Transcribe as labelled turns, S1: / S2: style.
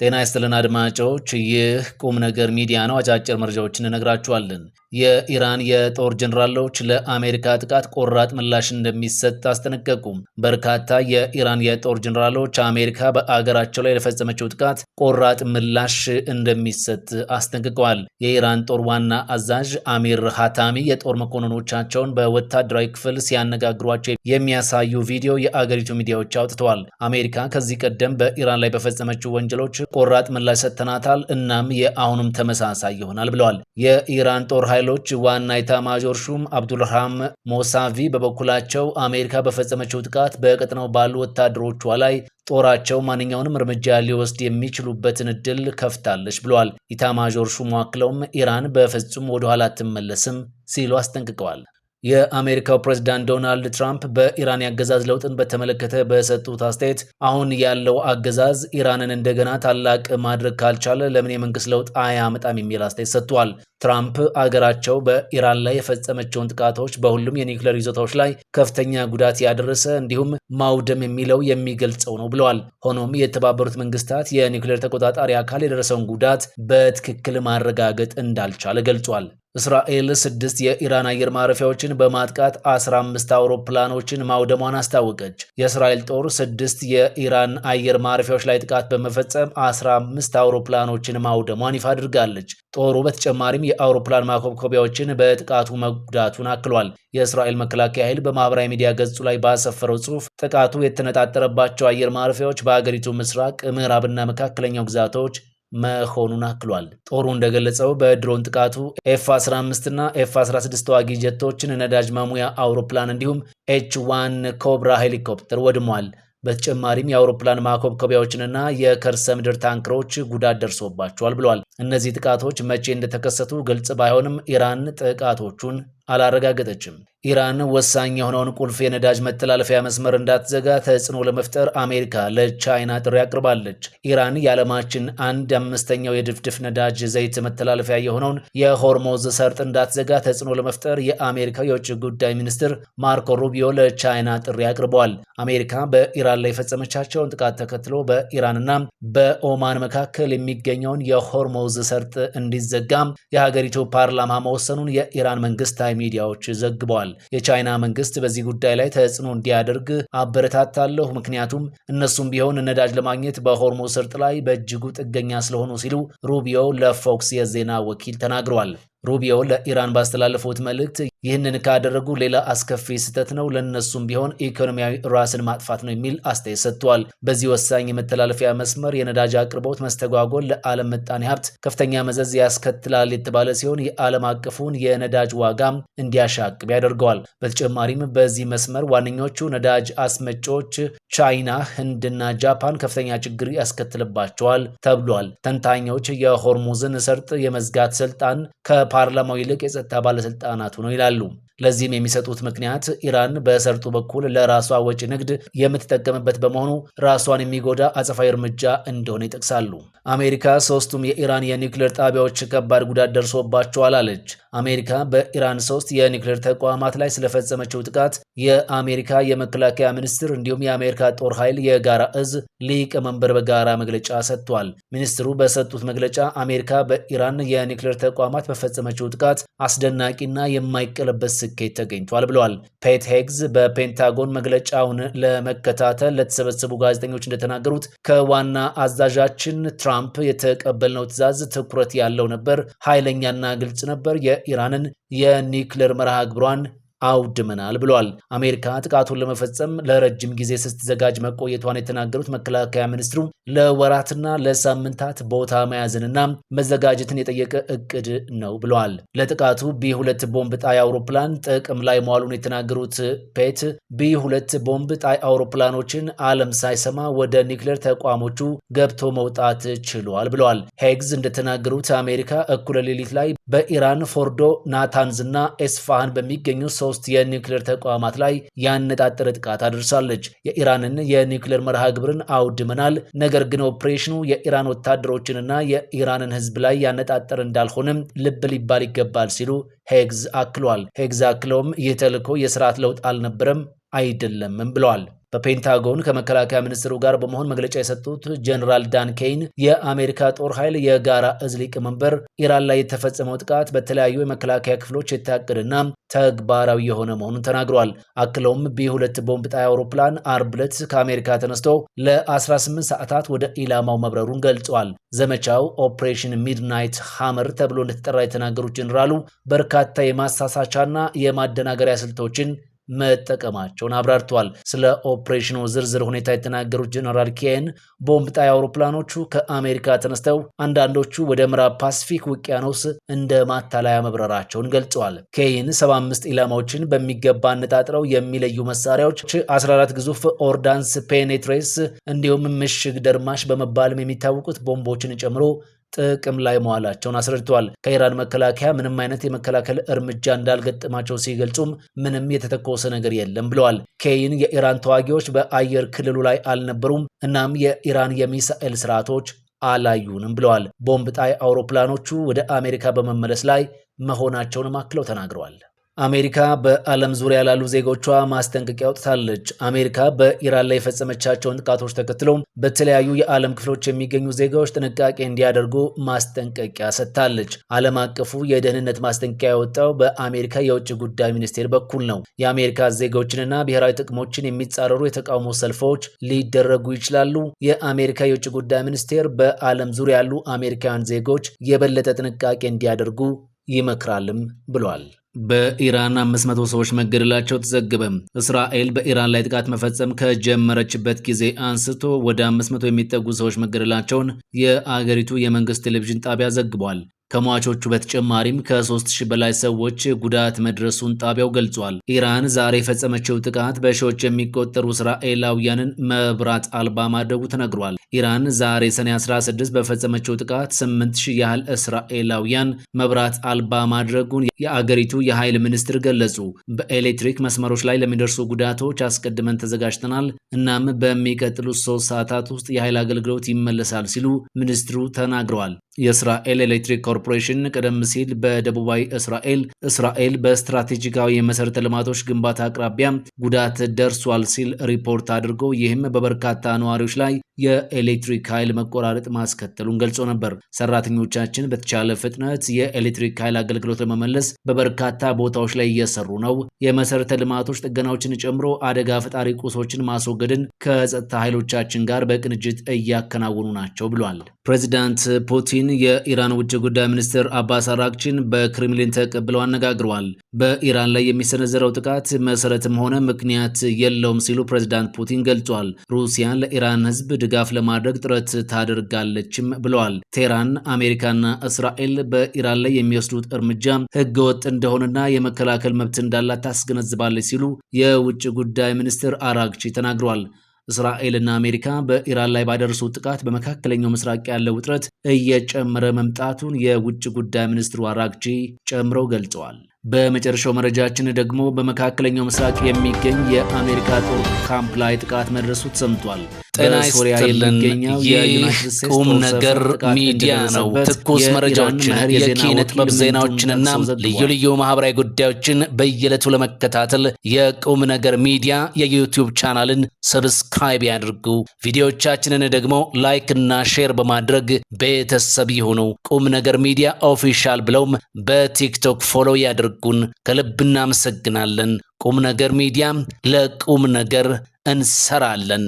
S1: ጤና ይስጥልን አድማጮች፣ ይህ ቁም ነገር ሚዲያ ነው። አጫጭር መረጃዎችን እንነግራችኋለን። የኢራን የጦር ጀኔራሎች ለአሜሪካ ጥቃት ቆራጥ ምላሽ እንደሚሰጥ አስጠነቀቁም። በርካታ የኢራን የጦር ጀኔራሎች አሜሪካ በአገራቸው ላይ ለፈጸመችው ጥቃት ቆራጥ ምላሽ እንደሚሰጥ አስጠንቅቀዋል። የኢራን ጦር ዋና አዛዥ አሚር ሃታሚ የጦር መኮንኖቻቸውን በወታደራዊ ክፍል ሲያነጋግሯቸው የሚያሳዩ ቪዲዮ የአገሪቱ ሚዲያዎች አውጥተዋል። አሜሪካ ከዚህ ቀደም በኢራን ላይ በፈጸመችው ወንጀሎች ቆራጥ ምላሽ ሰጥተናታል። እናም የአሁኑም ተመሳሳይ ይሆናል ብለዋል። የኢራን ጦር ኃይሎች ዋና ኢታማዦር ሹም አብዱልሃም ሞሳቪ በበኩላቸው አሜሪካ በፈጸመችው ጥቃት በቀጠናው ባሉ ወታደሮቿ ላይ ጦራቸው ማንኛውንም እርምጃ ሊወስድ የሚችሉበትን እድል ከፍታለች ብለዋል። ኢታማዦር ሹሙ አክለውም ኢራን በፍጹም ወደኋላ አትመለስም ሲሉ አስጠንቅቀዋል። የአሜሪካው ፕሬዝዳንት ዶናልድ ትራምፕ በኢራን የአገዛዝ ለውጥን በተመለከተ በሰጡት አስተያየት አሁን ያለው አገዛዝ ኢራንን እንደገና ታላቅ ማድረግ ካልቻለ ለምን የመንግስት ለውጥ አያመጣም የሚል አስተያየት ሰጥቷል። ትራምፕ አገራቸው በኢራን ላይ የፈጸመችውን ጥቃቶች በሁሉም የኒውክሌር ይዞታዎች ላይ ከፍተኛ ጉዳት ያደረሰ እንዲሁም ማውደም የሚለው የሚገልጸው ነው ብለዋል። ሆኖም የተባበሩት መንግስታት የኒውክሌር ተቆጣጣሪ አካል የደረሰውን ጉዳት በትክክል ማረጋገጥ እንዳልቻለ ገልጿል። እስራኤል ስድስት የኢራን አየር ማረፊያዎችን በማጥቃት 15 አውሮፕላኖችን ማውደሟን አስታወቀች። የእስራኤል ጦር ስድስት የኢራን አየር ማረፊያዎች ላይ ጥቃት በመፈጸም 15 አውሮፕላኖችን ማውደሟን ይፋ አድርጋለች። ጦሩ በተጨማሪም የአውሮፕላን ማኮብኮቢያዎችን በጥቃቱ መጉዳቱን አክሏል። የእስራኤል መከላከያ ኃይል በማህበራዊ ሚዲያ ገጹ ላይ ባሰፈረው ጽሑፍ ጥቃቱ የተነጣጠረባቸው አየር ማረፊያዎች በአገሪቱ ምስራቅ፣ ምዕራብና መካከለኛው ግዛቶች መሆኑን አክሏል። ጦሩ እንደገለጸው በድሮን ጥቃቱ ኤፍ 15 እና ኤፍ 16 ተዋጊ ጀቶችን፣ ነዳጅ ማሙያ አውሮፕላን እንዲሁም ኤች ዋን ኮብራ ሄሊኮፕተር ወድሟል። በተጨማሪም የአውሮፕላን ማኮብኮቢያዎችንና የከርሰ ምድር ታንክሮች ጉዳት ደርሶባቸዋል ብሏል። እነዚህ ጥቃቶች መቼ እንደተከሰቱ ግልጽ ባይሆንም ኢራን ጥቃቶቹን አላረጋገጠችም። ኢራን ወሳኝ የሆነውን ቁልፍ የነዳጅ መተላለፊያ መስመር እንዳትዘጋ ተጽዕኖ ለመፍጠር አሜሪካ ለቻይና ጥሪ አቅርባለች። ኢራን የዓለማችን አንድ አምስተኛው የድፍድፍ ነዳጅ ዘይት መተላለፊያ የሆነውን የሆርሞዝ ሰርጥ እንዳትዘጋ ተጽዕኖ ለመፍጠር የአሜሪካ የውጭ ጉዳይ ሚኒስትር ማርኮ ሩቢዮ ለቻይና ጥሪ አቅርበዋል። አሜሪካ በኢራን ላይ የፈጸመቻቸውን ጥቃት ተከትሎ በኢራንና በኦማን መካከል የሚገኘውን የሆርሞዝ ሰርጥ እንዲዘጋም የሀገሪቱ ፓርላማ መወሰኑን የኢራን መንግስት ሚዲያዎች ዘግበዋል። የቻይና መንግስት በዚህ ጉዳይ ላይ ተጽዕኖ እንዲያደርግ አበረታታለሁ፣ ምክንያቱም እነሱም ቢሆን ነዳጅ ለማግኘት በሆርሙዝ ሰርጥ ላይ በእጅጉ ጥገኛ ስለሆኑ ሲሉ ሩቢዮ ለፎክስ የዜና ወኪል ተናግሯል። ሩቢዮ ለኢራን ባስተላለፉት መልእክት ይህንን ካደረጉ ሌላ አስከፊ ስህተት ነው፣ ለነሱም ቢሆን ኢኮኖሚያዊ ራስን ማጥፋት ነው የሚል አስተያየት ሰጥቷል። በዚህ ወሳኝ የመተላለፊያ መስመር የነዳጅ አቅርቦት መስተጓጎል ለዓለም ምጣኔ ሀብት ከፍተኛ መዘዝ ያስከትላል የተባለ ሲሆን የዓለም አቀፉን የነዳጅ ዋጋም እንዲያሻቅብ ያደርገዋል። በተጨማሪም በዚህ መስመር ዋነኞቹ ነዳጅ አስመጪዎች ቻይና፣ ህንድና ጃፓን ከፍተኛ ችግር ያስከትልባቸዋል ተብሏል። ተንታኞች የሆርሙዝን ሰርጥ የመዝጋት ስልጣን ከፓርላማው ይልቅ የጸጥታ ባለስልጣናቱ ነው ይላል። ይላሉ። ለዚህም የሚሰጡት ምክንያት ኢራን በሰርጡ በኩል ለራሷ ወጪ ንግድ የምትጠቀምበት በመሆኑ ራሷን የሚጎዳ አጸፋዊ እርምጃ እንደሆነ ይጠቅሳሉ። አሜሪካ ሶስቱም የኢራን የኒውክሌር ጣቢያዎች ከባድ ጉዳት ደርሶባቸዋል አለች። አሜሪካ በኢራን ሶስት የኒውክሌር ተቋማት ላይ ስለፈጸመችው ጥቃት የአሜሪካ የመከላከያ ሚኒስትር እንዲሁም የአሜሪካ ጦር ኃይል የጋራ እዝ ሊቀመንበር በጋራ መግለጫ ሰጥቷል። ሚኒስትሩ በሰጡት መግለጫ አሜሪካ በኢራን የኒውክሌር ተቋማት በፈጸመችው ጥቃት አስደናቂና የማይቀ የተቀነቀለበት ስኬት ተገኝቷል ብለዋል። ፔት ሄግዝ በፔንታጎን መግለጫውን ለመከታተል ለተሰበሰቡ ጋዜጠኞች እንደተናገሩት ከዋና አዛዣችን ትራምፕ የተቀበልነው ትዕዛዝ ትኩረት ያለው ነበር፣ ኃይለኛና ግልጽ ነበር። የኢራንን የኒክለር መርሃ ግብሯን አውድመናል ብሏል። አሜሪካ ጥቃቱን ለመፈጸም ለረጅም ጊዜ ስትዘጋጅ መቆየቷን የተናገሩት መከላከያ ሚኒስትሩ ለወራትና ለሳምንታት ቦታ መያዝንና መዘጋጀትን የጠየቀ እቅድ ነው ብለዋል። ለጥቃቱ ቢ2 ቦምብ ጣይ አውሮፕላን ጥቅም ላይ መዋሉን የተናገሩት ፔት ቢ2 ቦምብ ጣይ አውሮፕላኖችን ዓለም ሳይሰማ ወደ ኒክሌር ተቋሞቹ ገብቶ መውጣት ችሏል ብለዋል። ሄግዝ እንደተናገሩት አሜሪካ እኩለ ሌሊት ላይ በኢራን ፎርዶ፣ ናታንዝ እና ኤስፋሃን በሚገኙ በሶስት የኒውክሌር ተቋማት ላይ ያነጣጠረ ጥቃት አድርሳለች። የኢራንን የኒውክሌር መርሃ ግብርን አውድመናል፣ ነገር ግን ኦፕሬሽኑ የኢራን ወታደሮችንና የኢራንን ሕዝብ ላይ ያነጣጠረ እንዳልሆነም ልብ ሊባል ይገባል ሲሉ ሄግዝ አክሏል። ሄግዝ አክለውም ይህ ተልዕኮ የስርዓት ለውጥ አልነበረም አይደለምም ብለዋል። በፔንታጎን ከመከላከያ ሚኒስትሩ ጋር በመሆን መግለጫ የሰጡት ጀኔራል ዳን ኬይን የአሜሪካ ጦር ኃይል የጋራ እዝ ሊቀመንበር ኢራን ላይ የተፈጸመው ጥቃት በተለያዩ የመከላከያ ክፍሎች የታቀደና ተግባራዊ የሆነ መሆኑን ተናግሯል። አክለውም ቢ2 ቦምብ ጣይ አውሮፕላን አርብ ዕለት ከአሜሪካ ተነስቶ ለ18 ሰዓታት ወደ ኢላማው መብረሩን ገልጿል። ዘመቻው ኦፕሬሽን ሚድናይት ሃመር ተብሎ እንደተጠራ የተናገሩት ጀኔራሉ በርካታ የማሳሳቻና የማደናገሪያ ስልቶችን መጠቀማቸውን አብራርተዋል። ስለ ኦፕሬሽኑ ዝርዝር ሁኔታ የተናገሩት ጀነራል ኬን ቦምብ ጣይ አውሮፕላኖቹ ከአሜሪካ ተነስተው አንዳንዶቹ ወደ ምዕራብ ፓስፊክ ውቅያኖስ እንደ ማታለያ መብረራቸውን ገልጸዋል። ኬይን 75 ኢላማዎችን በሚገባ አነጣጥረው የሚለዩ መሳሪያዎች 14 ግዙፍ ኦርዳንስ ፔኔትሬስ እንዲሁም ምሽግ ደርማሽ በመባልም የሚታወቁት ቦምቦችን ጨምሮ ጥቅም ላይ መዋላቸውን አስረድተዋል። ከኢራን መከላከያ ምንም አይነት የመከላከል እርምጃ እንዳልገጠማቸው ሲገልጹም ምንም የተተኮሰ ነገር የለም ብለዋል። ኬይን የኢራን ተዋጊዎች በአየር ክልሉ ላይ አልነበሩም፣ እናም የኢራን የሚሳኤል ስርዓቶች አላዩንም ብለዋል። ቦምብ ጣይ አውሮፕላኖቹ ወደ አሜሪካ በመመለስ ላይ መሆናቸውንም አክለው ተናግረዋል። አሜሪካ በዓለም ዙሪያ ላሉ ዜጎቿ ማስጠንቀቂያ አውጥታለች። አሜሪካ በኢራን ላይ የፈጸመቻቸውን ጥቃቶች ተከትሎ በተለያዩ የዓለም ክፍሎች የሚገኙ ዜጋዎች ጥንቃቄ እንዲያደርጉ ማስጠንቀቂያ ሰጥታለች። ዓለም አቀፉ የደህንነት ማስጠንቀቂያ የወጣው በአሜሪካ የውጭ ጉዳይ ሚኒስቴር በኩል ነው። የአሜሪካ ዜጎችንና ብሔራዊ ጥቅሞችን የሚጻረሩ የተቃውሞ ሰልፎች ሊደረጉ ይችላሉ። የአሜሪካ የውጭ ጉዳይ ሚኒስቴር በዓለም ዙሪያ ያሉ አሜሪካውያን ዜጎች የበለጠ ጥንቃቄ እንዲያደርጉ ይመክራልም ብሏል።
S2: በኢራን አምስት መቶ ሰዎች መገደላቸው ተዘገበ። እስራኤል በኢራን ላይ ጥቃት መፈጸም ከጀመረችበት ጊዜ አንስቶ ወደ አምስት መቶ የሚጠጉ ሰዎች መገደላቸውን የአገሪቱ የመንግስት ቴሌቪዥን ጣቢያ ዘግቧል። ከሟቾቹ በተጨማሪም ከ3000 በላይ ሰዎች ጉዳት መድረሱን ጣቢያው ገልጿል። ኢራን ዛሬ የፈጸመችው ጥቃት በሺዎች የሚቆጠሩ እስራኤላውያንን መብራት አልባ ማድረጉ ተነግሯል። ኢራን ዛሬ ሰኔ 16 በፈጸመችው ጥቃት 8000 ያህል እስራኤላውያን መብራት አልባ ማድረጉን የአገሪቱ የኃይል ሚኒስትር ገለጹ። በኤሌክትሪክ መስመሮች ላይ ለሚደርሱ ጉዳቶች አስቀድመን ተዘጋጅተናል፣ እናም በሚቀጥሉት ሶስት ሰዓታት ውስጥ የኃይል አገልግሎት ይመለሳል ሲሉ ሚኒስትሩ ተናግረዋል። የእስራኤል ኤሌክትሪክ ኮርፖሬሽን ቀደም ሲል በደቡባዊ እስራኤል እስራኤል በስትራቴጂካዊ የመሰረተ ልማቶች ግንባታ አቅራቢያ ጉዳት ደርሷል ሲል ሪፖርት አድርጎ ይህም በበርካታ ነዋሪዎች ላይ የኤሌክትሪክ ኃይል መቆራረጥ ማስከተሉን ገልጾ ነበር። ሰራተኞቻችን በተቻለ ፍጥነት የኤሌክትሪክ ኃይል አገልግሎት ለመመለስ በበርካታ ቦታዎች ላይ እየሰሩ ነው። የመሰረተ ልማቶች ጥገናዎችን ጨምሮ አደጋ ፈጣሪ ቁሶችን ማስወገድን ከጸጥታ ኃይሎቻችን ጋር በቅንጅት እያከናወኑ ናቸው ብሏል። ፕሬዚዳንት ፑቲን የኢራን ውጭ ጉዳይ ሚኒስትር አባስ አራግቺን በክሬምሊን ተቀብለው አነጋግረዋል። በኢራን ላይ የሚሰነዘረው ጥቃት መሰረትም ሆነ ምክንያት የለውም ሲሉ ፕሬዚዳንት ፑቲን ገልጿል። ሩሲያን ለኢራን ህዝብ ድጋፍ ለማድረግ ጥረት ታደርጋለችም ብለዋል። ቴህራን አሜሪካና እስራኤል በኢራን ላይ የሚወስዱት እርምጃ ህገወጥ እንደሆነና የመከላከል መብት እንዳላት ታስገነዝባለች ሲሉ የውጭ ጉዳይ ሚኒስትር አራግቺ ተናግረዋል። እስራኤልና አሜሪካ በኢራን ላይ ባደረሱት ጥቃት በመካከለኛው ምስራቅ ያለው ውጥረት እየጨመረ መምጣቱን የውጭ ጉዳይ ሚኒስትሩ አራግቺ ጨምረው ገልጸዋል። በመጨረሻው መረጃችን ደግሞ በመካከለኛው ምስራቅ የሚገኝ የአሜሪካ ጦር ካምፕ ላይ ጥቃት መድረሱ ተሰምቷል። ጤና ይስጥልን። ይህ ቁም ነገር
S1: ሚዲያ ነው። ትኩስ መረጃዎችን፣ የኪነ ጥበብ ዜናዎችንና ልዩ ልዩ ማህበራዊ ጉዳዮችን በየዕለቱ ለመከታተል የቁም ነገር ሚዲያ የዩቲዩብ ቻናልን ሰብስክራይብ ያድርጉ። ቪዲዮዎቻችንን ደግሞ ላይክ እና ሼር በማድረግ ቤተሰብ ይሁኑ። ቁም ነገር ሚዲያ ኦፊሻል ብለውም በቲክቶክ ፎሎ ያድርጉን። ከልብ እናመሰግናለን። ቁም ነገር ሚዲያ ለቁም ነገር እንሰራለን።